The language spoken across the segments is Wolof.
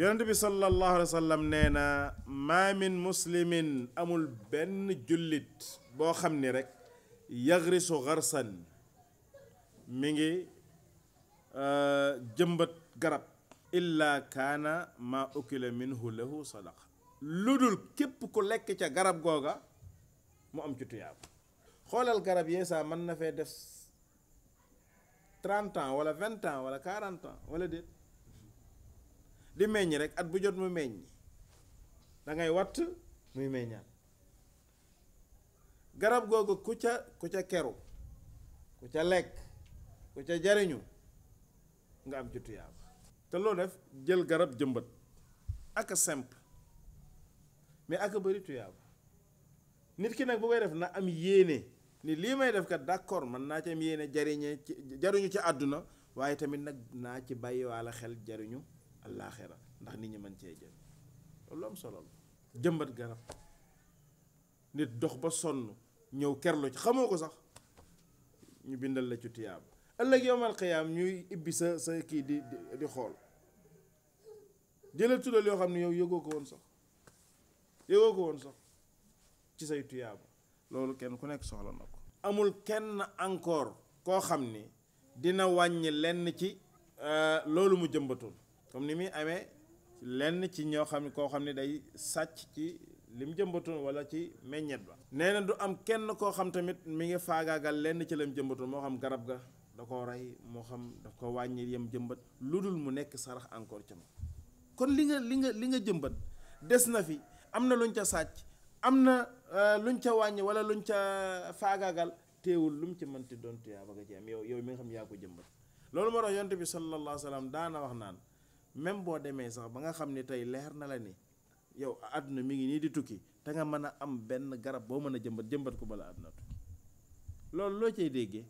yonent bi sallallahu alayhi wa sallam nee na maa min muslimin amul benn jullit boo xam ni rek yagrisu garsan mi ngi euh, jëmbat garab illa kaana maa ukila minhu lahu sadaqa lu dul képp ku lekk ca garab googa mu am ci tuyaab xoolal garab yeesaa mën na fee des trente ans wala vingt ans wala quarante wala déet di meññ rek at bu jot mu meññ da ngay watt muy meññaat garab googu ku ca ku ca keru ku ca lekk ku ca jariñu nga am ci tuyaaba te loo def jël garab jëmbat ak a simple mais ak bëri tuyaaba nit ki nag bu koy def na am yéene ni lii may def kat d'accord mën naa ci am yéene jariñe ci jariñu ci àdduna waaye tamit nag naa ci bàyyiwaale xel jariñu àllaaxira ndax nit ñi mën cee jël loolu am solo la jëmbat garab nit dox ba sonn ñëw kerlu ci xamoo ko sax ñu bindal la ci tuyaab ëllëg yowmal qiyaam ñuy ibbi sa sa kii di di xool jëla tuddal yoo xam ne yow yëgoo ko woon sax yëgoo ko woon sax ci say tuyaab loolu kenn ku nekk soxla na ko amul kenn encore koo xam ni dina wàññi lenn ci euh, loolu mu jëmbatoon comme ni muy amee lenn ci ñoo xam ne koo xam ne day sàcc ci li mu jëmbatoon wala ci meññet ba nee na du am kenn koo xam tamit mi ngi faagaagal lenn ci lam jëmbatoon moo xam garab ga da ko rey moo xam daf ko wàññi yem jëmbat lu dul mu nekk sarax encore ca ma kon li nga li nga li jëmbat des na fi am na luñ ca sàcc am na euh, luñ ca wàññi wala luñ ca faagaagal teewul lu mu ci mënti doon tuyaa ba nga ci am yow yow mi nga xam yaa ko jëmbat loolu moo tax yonte bi sallallahu alayhi wa daana wax naan même boo demee sax ba nga xam ni tey leer na la ni yow a àdduna mi ngi nii di tukki te nga mën a am benn garab boo mën a jëmbat jëmbat ko bala àdduna tukki loolu loo cay déggee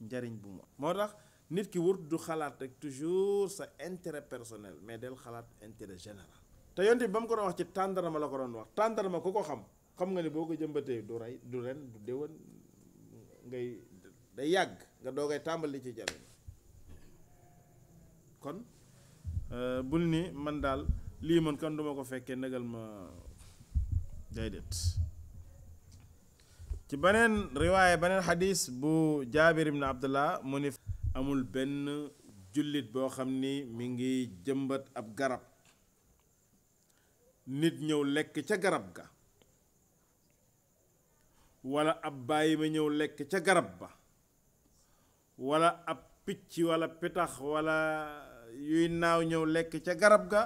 njariñ bu mu moo tax nit ki wut du xalaat rek toujours sa intérêt personnel mais del xalaat intérêt général te yonte ba mu ko doon wax ci ma la ko doon wax tàndarama ku ko xam xam nga ni boo ko jëmbatee du rey du ren du déwan ngay day yàgg nga doogay tàmbali ci jariñ Euh, bul ni man daal lii man kan duma ko fekkee nëgal ma déedéet ci beneen riwaaye beneen xadis bu jaabir ibn abdullah mu ni amul benn jullit boo xam ni mi ngi jëmbat ab garab nit ñëw lekk ca garab ga wala ab bàyyi ma ñëw lekk ca garab ba wala ab picc wala pitax wala yuy naaw ñëw lekk ca garab ga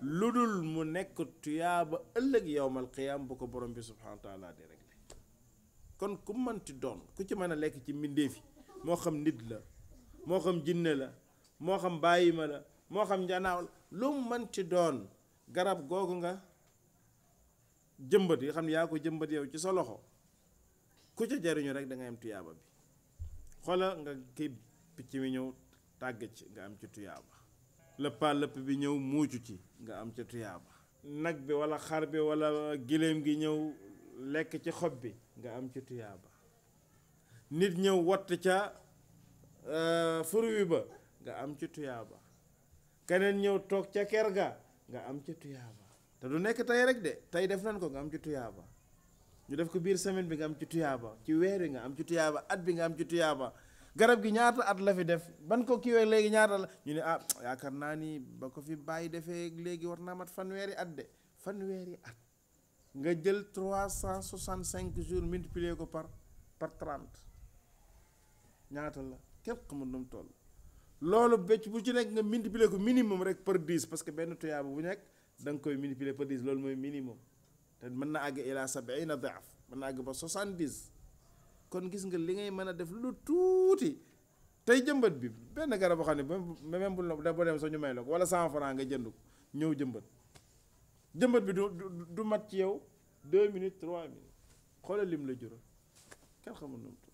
lu dul mu nekk tuyaaba ëllëg yowmal qiyaam bu ko borom bi subhaanahu wa taala di rek kon ku mënti doon ku ci mën a lekk ci mbindeef yi moo xam nit la moo xam jinne la moo xam bàyyima la moo xam njanaaw la lu mu doon garab googu nga jëmbat yi xam ne yaa ko jëmbat yow ci sa loxo ku ca jariñu rek da am tuyaaba bi xoola nga kii picc mi ñëw tàgg ci nga am ci tuyaaba lëppaa lëpp bi ñëw muucu ci nga am ci tuyaaba nag bi wala xar bi wala giléem gi ñëw lekk ci xob bi nga am ci tuyaaba nit ñëw wott ca euh, furu wi ba nga am ci tuyaaba keneen ñëw toog ca ker ga nga am ci tuyaaba te du nekk tey rek de tey def nañ ko nga am ci tuyaaba ñu def ko biir semaine bi nga am ci tuyaaba ci weer wi nga am ci tuyaaba at bi nga am ci tuyaaba garab gi ñaata at la fi def ban ko kiiwee léegi ñaata la ñu ne ah yaakaar naa ni ba ko fi bàyyi defee léegi war naa mat fanweeri at de fanweeri at nga jël trois cent soixante cinq jours multiplier ko par par trente ñaata la képp xamul nu mu toll. loolu bëcc bu ci nekk nga multiplier ko minimum rek par dix parce que benn tuyaaba bu nekk da nga koy multiplier par dix loolu mooy minimum te mën na àgg sa ila sabiina daaf mën na àgg ba soixante dix. kon gis nga li ngay mën a def lu tuuti tey jëmbët bi benn garab boo xam ne même bu la boo dem soo ñu may la ko wala cent nga jënd ko ñëw jëmbat jëmbat bi du du mat ci yow deux minutes trois minutes xoolal lim la jural kenn xamul noonu